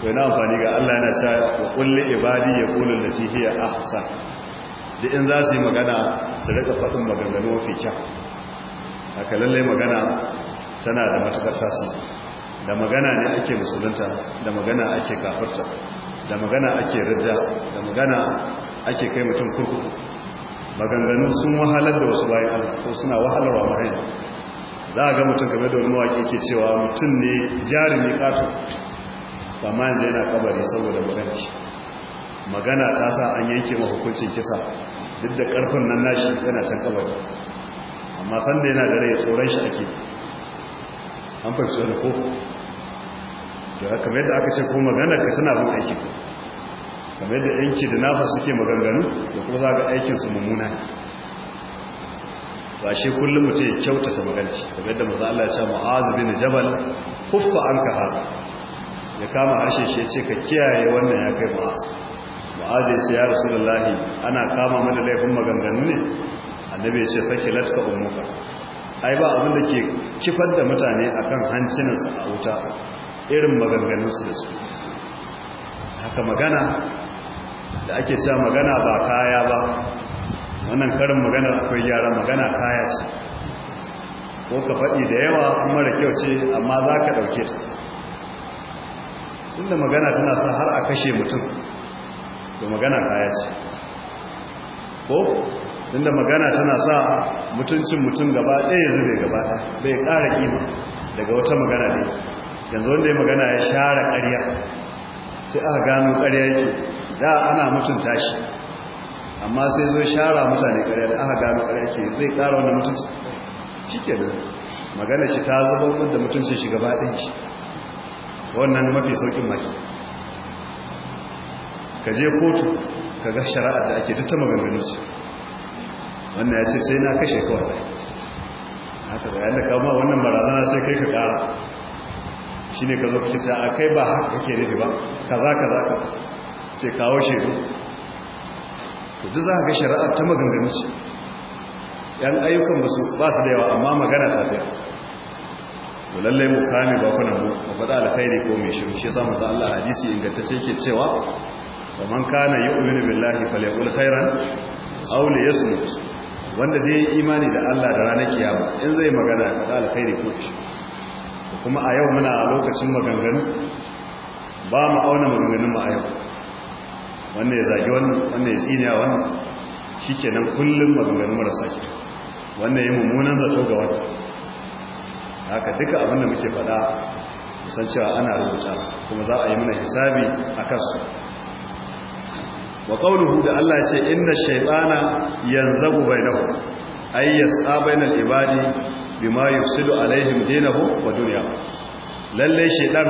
yana amfani ga Allah yana sa wa kulli ibadi ya kullu lati hiya ahsan da in za su yi magana su rika faɗin maganganu mafi kyau haka lalle magana tana da matukar tasiri da magana ne ake musulunta da magana ake kafarta da magana ake ridda da magana ake kai mutum kurkuku maganganu sun wahalar da wasu bayan Allah ko suna wahalar wa mahaifi za a ga mutum game da wani mawaƙi ke cewa mutum ne ne ƙato ba ma yanzu yana kabari saboda magana magana ta sa an yanke ma hukuncin kisa duk da ƙarfin nan nashi yana can kabari amma sanda yana da rai tsoron shi ake an fahimci wani ko da haka mai da aka ce ko magana ka tana bin aiki kamar yadda yanki da nafa suke maganganu da kuma za ga su mummuna ba shi kullum mutum ya kyautata maganci kamar yadda maza Allah ya ce ma'azu bin jabal kuffa an ka haɗu ya kama harshe shi ya ce ka kiyaye wannan ya kai ma'azu ma'azu ya ce ya rasu lallahi ana kama mana laifin maganganu ne annabi ya ce fake latka umuka ai ba abin da ke kifar da mutane akan hancinansu a wuta irin maganganunsu da su haka magana da ake cewa magana ba kaya ba wannan karin maganar akwai yara magana kaya ce ko ka faɗi da yawa kuma da kyau ce amma za ka ɗauke ta tunda magana tana sa har a kashe mutum to magana kaya ce ko tunda magana tana sa mutuncin mutum gaba ɗaya zube gaba bai ƙara ƙima daga wata magana ne yanzu wanda ya magana ya share ƙarya sai aka gano ƙarya yake da ana mutunta shi amma sai zo shara mutane kare da aka gano kare ce zai ƙara wani mutunci shi ke da magana shi ta zaba da mutuncin shi gaba ɗin shi wannan mafi saukin maki ka je kotu ka ga shara'a da ake ta maganganu su wannan ya ce sai na kashe kawai haka da yadda kama wannan barazana sai kai ka kara shi ne ka zo kake ce a kai ba haka kake nufi ba kaza kaza kaza ce kawo shaidu duk za a ga shari'a ta maganganu ce yan ayyukan ba su ba su da yawa amma magana ta fiya to lallai mu kame ba kuna mu mu faɗa alkhairi ko mai shiru shi yasa manzo Allah hadisi ingantacce yake cewa wa man kana yu'minu billahi falyaqul khairan aw liyasmut wanda zai yi imani da Allah da ranar kiyama in zai magana da alkhairi ko shi kuma a yau muna a lokacin maganganu ba mu auna maganganun mu a yau wannan ya zage wannan wannan ya a wannan shi nan kullum maganganu marasa ke wannan ya mummunan zato ga wani haka duka abinda muke faɗa kusan cewa ana rubuta kuma za a yi mana hisabi a kansu wa qawluhu da Allah ce inna shaytana yanzabu bainahum ay yas'a bainal ibadi bima yufsidu alaihim dinahum wa duniya lalle shaytan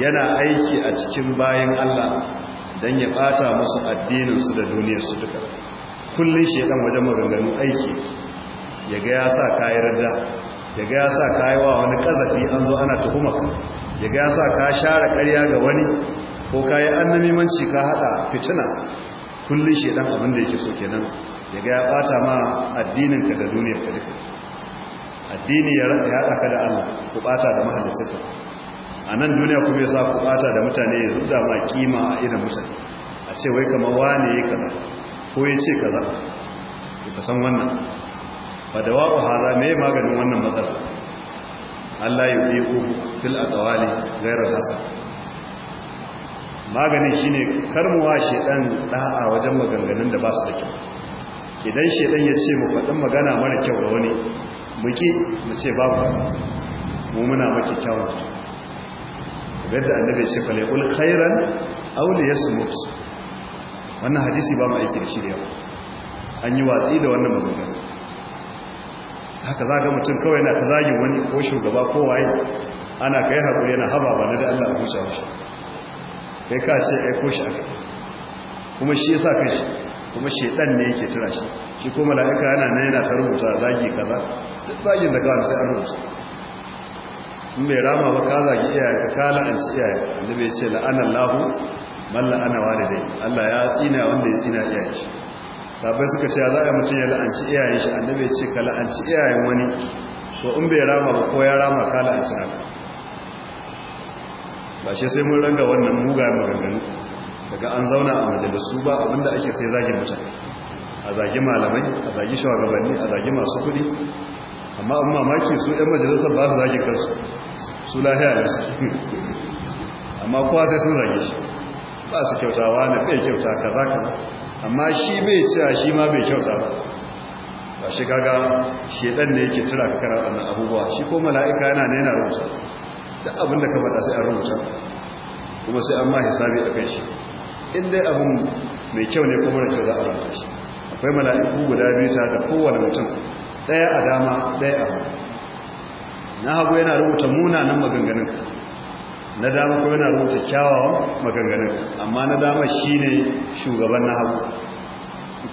yana aiki a cikin bayan Allah don ya ɓata musu addininsu da duniyarsu duka kullum shi ɗan wajen maganganu aiki ya ga ya sa kayi da ya ga ya sa wa wani ƙazafi an zo ana tuhuma ya ga ya sa ka share ƙarya ga wani ko ka yi annamimanci ka haɗa fitina kullum shi ɗan abin da yake so kenan ya ga ya ɓata ma addininka da duniyarka duka addini ya haɗa ka da allah ku ɓata da mahallicinka a nan duniya kuma ya sa ku bata da mutane ya zubda ma kima a irin mutane a ce wai kama wane ya kaza ko ya ce kaza ka san wannan ba da waɓa haza mai maganin wannan matsala Allah ya fi ku fil aqwali gairar hasa maganin shine karmuwa shedan ɗa'a wajen maganganun da ba su da kyau idan shedan ya ce mu faɗin magana mara kyau ga wani muke mu ce babu mu muna maki kyawun yadda annabi ya ce fa laqul khairan aw liyasmut wannan hadisi ba mu aiki da shi da yawa an yi watsi da wannan magana haka za ga mutum kawai na ta zagi wani ko shugaba ko waye ana kai hakuri yana haba ba na da Allah ku huce shi kai ka ce ai ko shi aka kuma shi yasa kai shi kuma shedan ne yake tura shi shi ko mala'ika yana nan yana ta rubuta zagi kaza duk zagin da kawai sai an rubuta mai rama ba ka zagi iyayenka ka la'anci iyayenka annabi ya ce la'anar lahu man la'ana dai Allah ya tsina wanda ya tsina iyayen shi sabai suka ce za a mutum ya la'anci iyayen shi annabi ya ce ka la'anci iyayen wani so in bai rama ba ko ya rama ka la'anci haka ba shi sai mun ranga wannan mugayen maganganu daga an zauna a majalisu ba abinda ake sai zagi mutum a zagi malamai a zagi shugabanni a zagi masu kudi amma amma maki su 'yan majalisar ba su zagi kansu su lahiya da su amma kowa sai sun zage shi ba su kyautawa na bai kyauta kaza kaza amma shi bai cewa shi ma bai kyauta ba ba shi kaga shedan ne yake tura ka kara wannan abubuwa shi ko mala'ika yana ne yana rubuta duk abin da ka faɗa sai an rubuta kuma sai an ma hisabi da kai shi in dai abin mai kyau ne kuma da kyau za a rubuta shi akwai mala'iku guda biyu ta da kowane mutum ɗaya a dama ɗaya a hagu na hagu yana rubuta munanan maganganun na dama kuma yana rubuta kyawawan maganganun amma na dama shi ne shugaban na hagu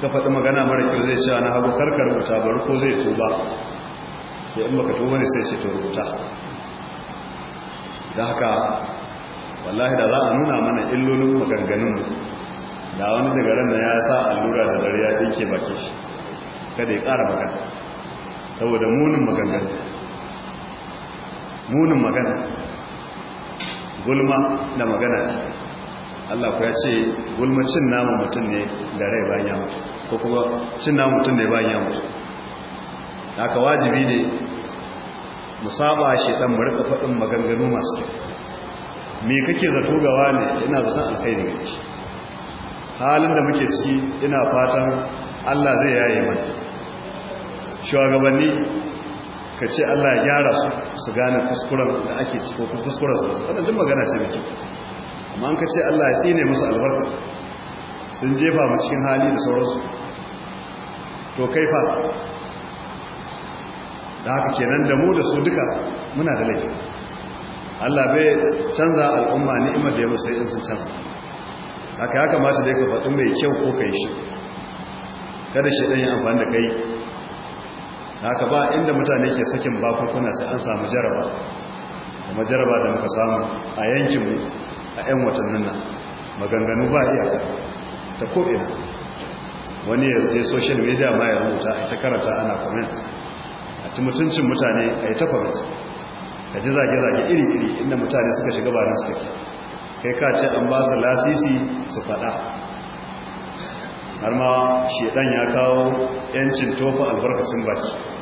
ka faɗi magana mara kyau zai cewa na hagu karkar rubuta bari ko zai tuba sai in baka tuba ne sai ce to rubuta da haka wallahi da za a nuna mana illolin maganganun da wani daga ran da ya sa allura da dare ya dinke baki shi kada ya ƙara magana saboda munin maganganun. munin magana gulma da magana Allah ku ya ce gulma cin namun mutum ne da rai bayan mutu ko kuma cin namun mutum ne bayan ya mutu haka wajibi ne mu saba shi dan mu rika faɗin maganganu masu kyau me kake zato gawa ne ina zaton alkhairi gare shi halin da muke ciki ina fatan Allah zai yaye mana shugabanni ka ce Allah ya gyara su su gane kuskuren da ake cikin ko kuskuren su wannan duk magana ce mai amma an ka ce Allah ya tsine musu albarka sun jefa mu cikin hali da sauransu to kai fa da haka kenan da mu da su duka muna da laifi Allah bai canza al'umma ni'imar da ya musu in sun canza haka ya kamata dai ka faɗi mai kyau ko kai shi kada shi ɗan yi amfani da kai haka ba inda mutane ke sakin bakukuna sai an samu jaraba kuma jaraba da muka samu a yankinmu a 'yan watannin nan maganganu ba iyaka ta ko'ina wani ya je social media ma ya rubuta a ta karanta ana comment a ci mutuncin mutane a yi ta comment ka ji zage-zage iri-iri inda mutane suka shiga ba na suke kai ka ce an ba su lasisi su faɗa har ma shedan ya kawo yancin tofa albarkacin baki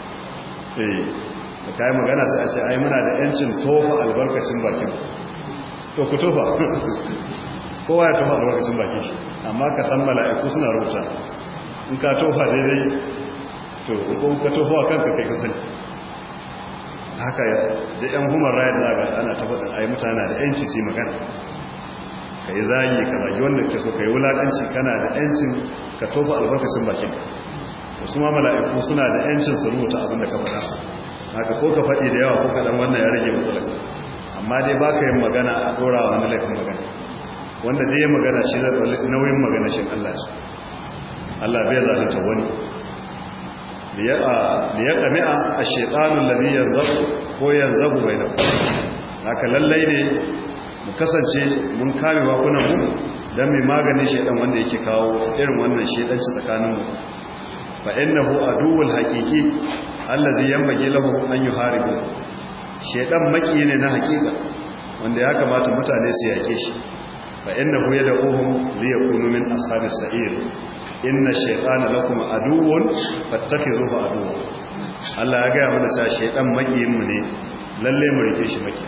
eh da kayan magana sai a ce ai muna da yancin tofa albarkacin bakin to ku tofa kowa ya tofa albarkacin bakin shi amma ka san mala'iku suna rubuta in ka tofa daidai to in ka tofa kanka kai ka sani haka da yan human right na ga ana tabbatar ai mutana da yanci su magana ka yi zagi ka zagi wanda ke so ka yi wulaƙanci kana da yancin ka tofa albarkacin bakin wasu ma mala'iku suna da yancin su rubuta abin da ka faɗa haka ko ka faɗi da yawa ko kaɗan wannan ya rage matsalar amma dai ba ka yin magana a ɗora wa wani laifin magana wanda dai magana shi zai ɗauli nauyin magana shi allah shi allah bai zalunta wani ya ƙami a shekanun laliyar zabu ko yanzu zabu bai da haka lallai ne mu kasance mun kame bakunan mu don mai maganin shaidan wanda yake kawo irin wannan shaidanci tsakanin mu fa innahu aduwwul haqiqi allazi yanbaghi lahu an yuharibu shedan maki ne na haqiqa wanda ya kamata mutane su yake shi fa innahu yad'uhum liyakunu min ashabis sa'ir inna shaytana lakum aduwwun fattakizuhu aduwwa Allah ya ga mana cewa shedan makiyin mu ne lalle mu rike shi maki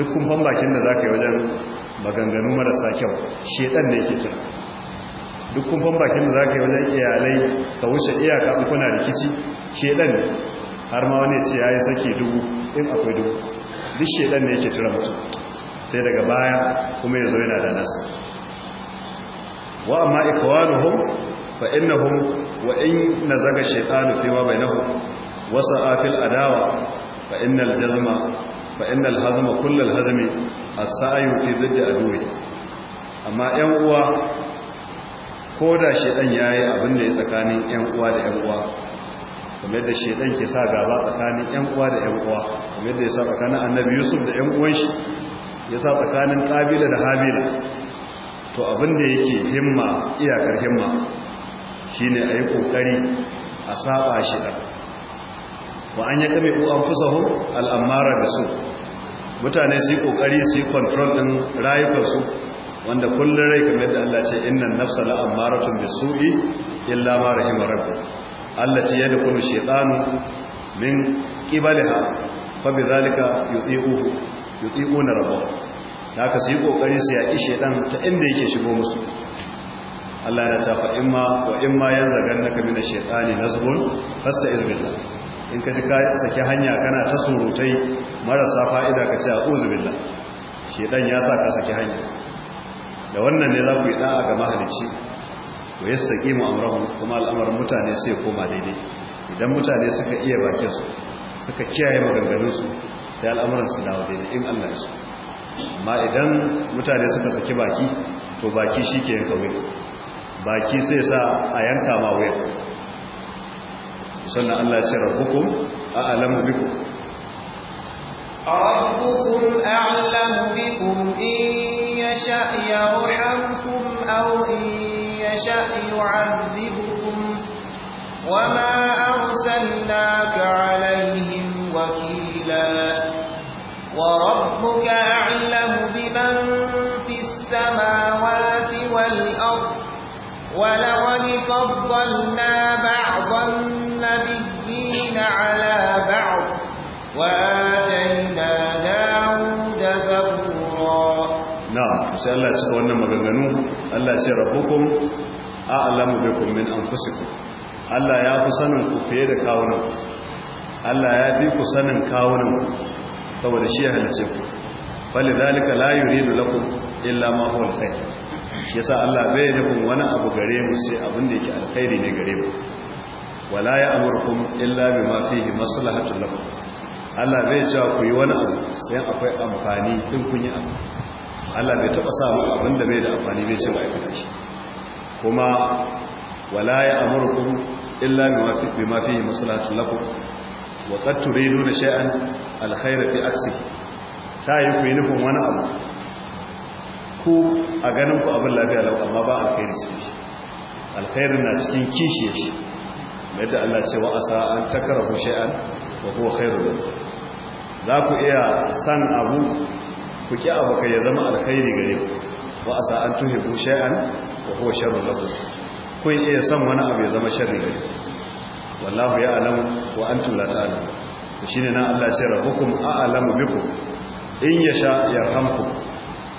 duk kun bakin da zaka yi wajen maganganu marasa kyau shedan ne yake tuna duk kumfan bakin da za ka yi wajen iyalai ka wuce iyaka in kuna rikici shedan har ma wani ce ya yi sake dubu in akwai dubu duk shedan ne yake tura mutum sai daga baya kuma ya zo yana da nasa wa amma ikwanuhum fa innahum wa in nazaga shaytanu fi ma bainahum wa afil adawa fa innal jazma fa innal hazma kullal hazmi as-sa'yu fi zidd aduwi amma yan uwa ko da ya yi abin da ya tsakanin ƴan uwa da ƴan uwa yadda da shedan ke sa gaba tsakanin ƴan uwa da ƴan uwa kuma da ya sa tsakanin annabi yusuf da ƴan uwan shi ya sa tsakanin ƙabila da habila to abin da yake himma iyakar himma shine ayi kokari a saba shi da wa an yatabi u anfusahum al-amara bisu mutane su yi kokari su yi control din rayukansu wanda kullum rai kamar yadda Allah ce innan nafsa la amaratun bisu'i illa ma rahima rabbi Allah ce yadkhulu shaytanu min qibaliha fa bidhalika yuti'uhu na rabbahu Da su yi kokari su yaki shaytan ta inda yake shigo musu Allah ya ce fa imma wa imma na min ash-shaytani nazghun fasta'iz billah in ka ji ka saki hanya kana ta surutai marasa fa'ida ka ce a'udhu billah shaytan ya sa ka saki hanya da wannan ne za ku yi da'a ga mahalicci ku yi mu amurahun kuma al'amarin mutane sai koma daidai idan mutane suka iya bakinsu suka kiyaye maganganunsu sai al'amuransu dawo daidai in allah su amma idan mutane suka saki baki to baki shi ke yanka wuya baki sai sa a yanka ma wuya sannan allah ce rabbukum a alamu bikum ربكم أعلم بكم إن يَشَأْ يرحمكم أو إن يَشَأْ يعذبكم وما أرسلناك عليهم وكيلا وربك أعلم بمن في السماوات والأرض ولقد فضلنا بعض النبيين على بعض وآخر sai Allah cika wannan maganganu Allah ce rabbukum a'lamu bikum min anfusikum Allah ya fi sanin ku fiye da kawunan Allah ya fi ku sanin kawunan saboda shi ya halice ku falidhalika la yuridu lakum illa ma huwa alkhair yasa Allah bai nufin wani abu gare mu sai abin da yake alkhairi ne gare mu wala ya'murukum illa bima fihi maslahatun lakum Allah bai cewa ku yi wani abu sai akwai amfani tun kun yi abu Allah bai taba sa mu abin da bai da amfani bai ce ma'aikata shi kuma wala ya amurkum illa bima fihi maslahatun lakum wa qad turiduna shay'an alkhayra fi aksi ta yi ku yi nufin wani abu ku a ganin ku abin lafiya lau amma ba alkhairi su shi alkhairin na cikin kishiyar shi yadda Allah ce wa asa an takara ku shay'an wa huwa khairun lakum za ku iya san abu ku ki abu kai ya zama alkhairi gare ku a asa an tuhibu shay'an wa huwa sharrun lakum kun iya son wani abu ya zama sharri gare wallahu ya'lamu wa antum la ta'lamun shine nan Allah ya rabbukum a'lamu bikum in yasha yarhamkum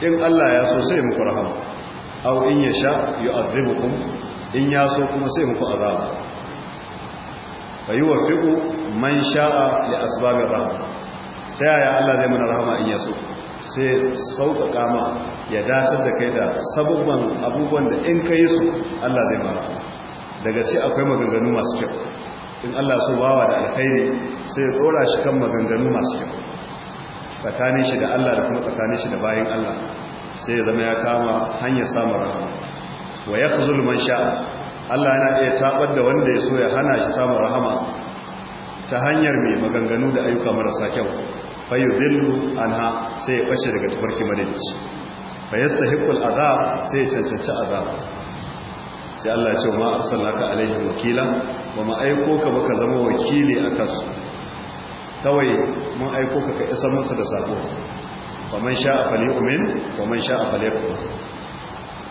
in Allah ya so sai muku rahama aw in yasha yu'adhibukum in ya so kuma sai muku azaba fayuwaffiqu man sha'a li asbabir rahma ta yaya Allah zai mana rahama in ya so sai sauka kama ya dasar da kai da sabubban abubuwan da in ka yi su Allah zai mara daga shi akwai maganganu masu kyau in Allah so bawa da alkhairi sai ya shi kan maganganu masu kyau tsakanin shi da Allah da kuma tsakanin shi da bayan Allah sai ya zama ya kama hanyar samun rahama wa ya fi zulman sha Allah yana iya tabar da wanda ya so ya hana shi samun rahama ta hanyar mai maganganu da ayyuka marasa kyau fayyudillu anha sai ya bace daga tafarki madalici hikul azab sai ya cancanci azab sai Allah ce ma ka alaihim wakila ba ma aiko ka baka zama wakili a kansu kawai mun aiko ka ka isa masa da sako ba man sha a fali umin ba man sha a fali kuma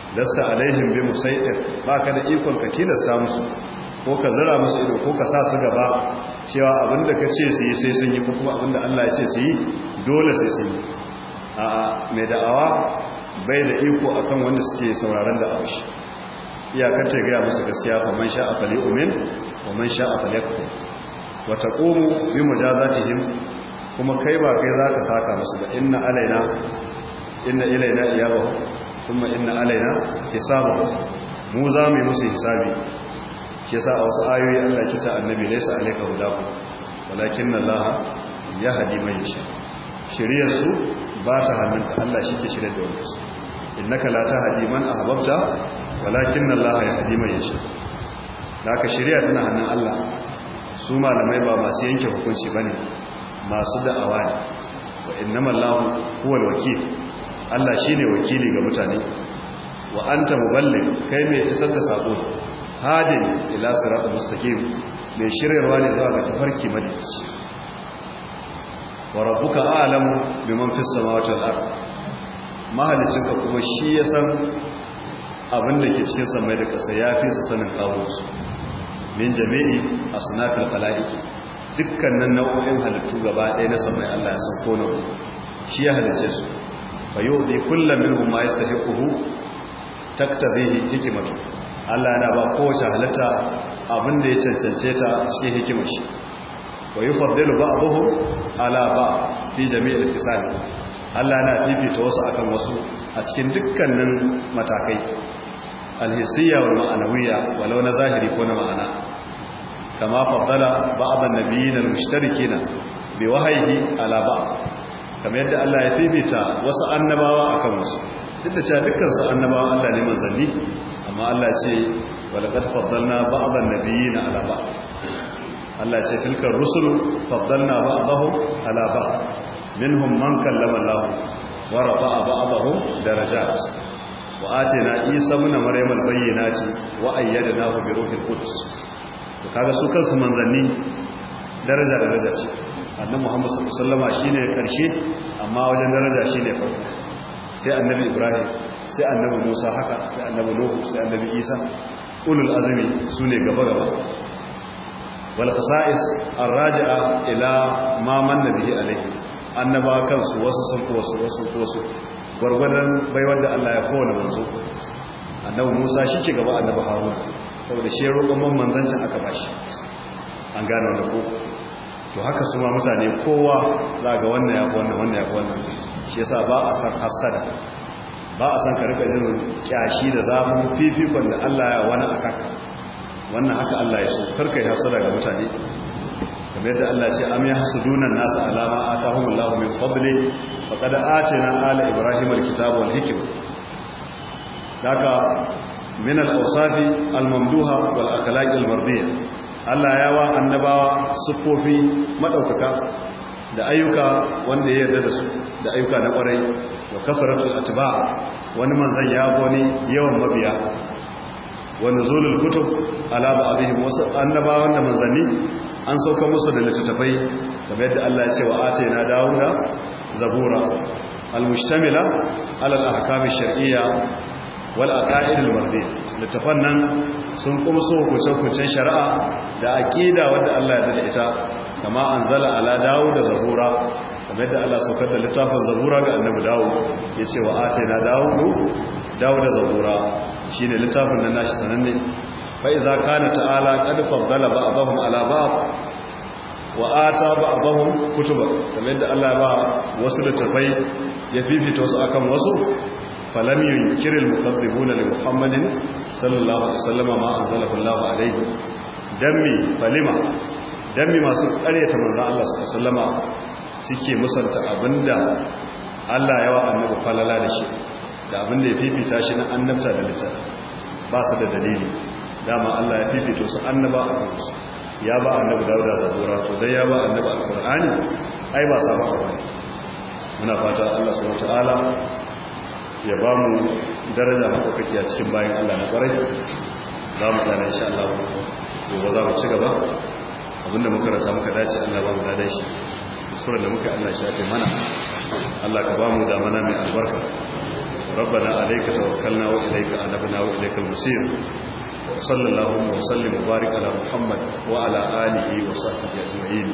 Dasta alaihim bi musaitir ka da ikon ka tilasta musu ko ka zira musu ido ko ka sa su gaba cewa abinda ka ce su yi sai sun yi kuma abinda Allah ya ce su yi dole sai sun yi a mai da'awa bai da iko kan wanda suke sauraron da aushi iyakar ta gaya musu gaskiya ba man sha afali umin ba man sha afali ku wa taqumu bi yi kuma kai ba kai za ka saka musu ba inna alaina inna ilaina iyabahu kuma inna alaina hisabahu mu za mu yi musu hisabi shi a wasu ayoyi Allah ke sa annabi laysa alayka hudahu walakin Allah yahdi man yasha shiriyar su ba ta hannun Allah shi ke shirya da wani su innaka la tahdi man ahbabta walakin Allah yahdi man yasha haka shiriya suna hannun Allah su malamai ba masu yanke hukunci bane masu da'awa ne wa innama Allah huwa wakil Allah shine wakili ga mutane wa anta muballigh kai mai isar da sako hadin ila siratul mustaqim mai shiryarwa ne zuwa ga tafarki madaci wa rabbuka a'lamu biman fis samawati wal ard mahalicin ka kuma shi ya san abin da ke cikin samai da kasa ya fi su sanin kabusu min jami'i asnafil khalaiq dukkanin nau'o'in halittu gaba ɗaya na samai Allah ya san ko nawa shi ya halice su fa yu'ti kullu minhum ma yastahiquhu taktabihi hikmatu Allah yana ba kowace halitta abin da ya cancance ta cikin hikimar shi wa yufaddilu ba'dhum ala ba fi jami'il kisani Allah yana fifita wasu akan wasu a cikin dukkanin matakai alhisiyya wa ma'anawiyya walau na zahiri ko na ma'ana kama ba faddala na mushtari kina bi wahayi ala ba Kama yadda Allah ya fifita wasu annabawa akan wasu duk da cewa dukkan su annabawa Allah ne manzanni amma Allah ce walaqad faddalna ba'dhan nabiyina ala ba'd Allah ce tilkar rusulu faddalna ba'dahum ala ba'd minhum man kallama Allah wa rafa'a ba'dahum darajat wa atina isa ibn maryam al-bayyinati wa ayyadnahu bi ruhil qudus to kaga su kansu manzanni daraja daraja ce annabi muhammad sallallahu alaihi wasallam shine karshe amma wajen daraja shine farko sai annabi ibrahim sai annabi musa haka sai annabi nuhu sai annabi isa ulul azumi su ne gaba-gaba wal qasa'is arraja'a ila ma manna bihi alayhi annaba kansu wasu sun ko wasu wasu ko wasu gurgurdan bai wanda Allah ya kowa manzo annabi Musa shi ke gaba annabi Harun saboda shi roƙon man manzancin aka bashi an gane wanda ko to haka su ma mutane kowa za ga wannan ya fi wannan wannan ya fi wannan shi yasa ba a san hasada ba a san ka rika jin kyashi da zafin fifikon da Allah ya wani aka wannan haka Allah ya so karka yi hasada ga mutane kamar yadda Allah ce am yahsuduna an-nas ala ma atahumullahu min fadli faqad atayna ala ibrahima al-kitaba wal hikma daga min al-awsafi al-mamduha wal akhlaq al Allah ya wa annabawa siffofi madaukaka da ayyuka wanda ya yarda da su da ayyuka na kwarai wa kasaratul atba wani manzan ya goni yawan mabiya wa nuzulul kutub ala ba'dihim wasu annabawan da manzanni an sauka musu da littattafai kamar yadda Allah ya ce wa atayna dawuda zabura al ala al-ahkam ash-shar'iyya wal aqaid al-mardi littafan nan sun kumso kuce-kucen shari'a da aqida wanda Allah ya dada ita kama anzala ala dawuda zabura kamar yadda Allah saukar da littafin zabura ga annabi dawo ya ce wa ate na dawo dawo da zabura shi ne littafin da nashi sananne za ka kana ta'ala qad faddala ba'dahum ala ba'd wa ata ba'dahum kutuba kamar yadda Allah ba wasu littafai ya fifita wasu akan wasu falam yunkiril mukazzibuna da muhammadin sallallahu alaihi wasallam ma anzalahu Allah alaihi dammi falima dammi masu ƙaryata manzon Allah sallallahu alaihi wasallama suke musanta abinda Allah yawa annabi falala da shi da abinda ya fifita shi na annabta da litar ba su da dalili dama Allah ya fifito su annaba a kansu ya ba annabi dauda da zura to dai ya ba annabi alqur'ani ai ba sa masa bane muna fata Allah subhanahu wataala ya ba mu daraja kake a cikin bayan Allah na kwarai za mu tsara insha Allah ba za mu ci gaba abinda muka rasa muka dace Allah ba mu dace shi kuskuren da muka Allah shafe mana Allah ka bamu da mana mai albarka rabbana alayka tawakkalna wa ilayka anabna wa ilaykal musir sallallahu wa sallim wa barik ala muhammad wa ala alihi wa sahbihi ajma'in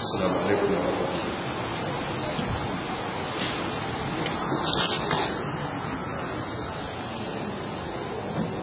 assalamu alaikum wa rahmatullahi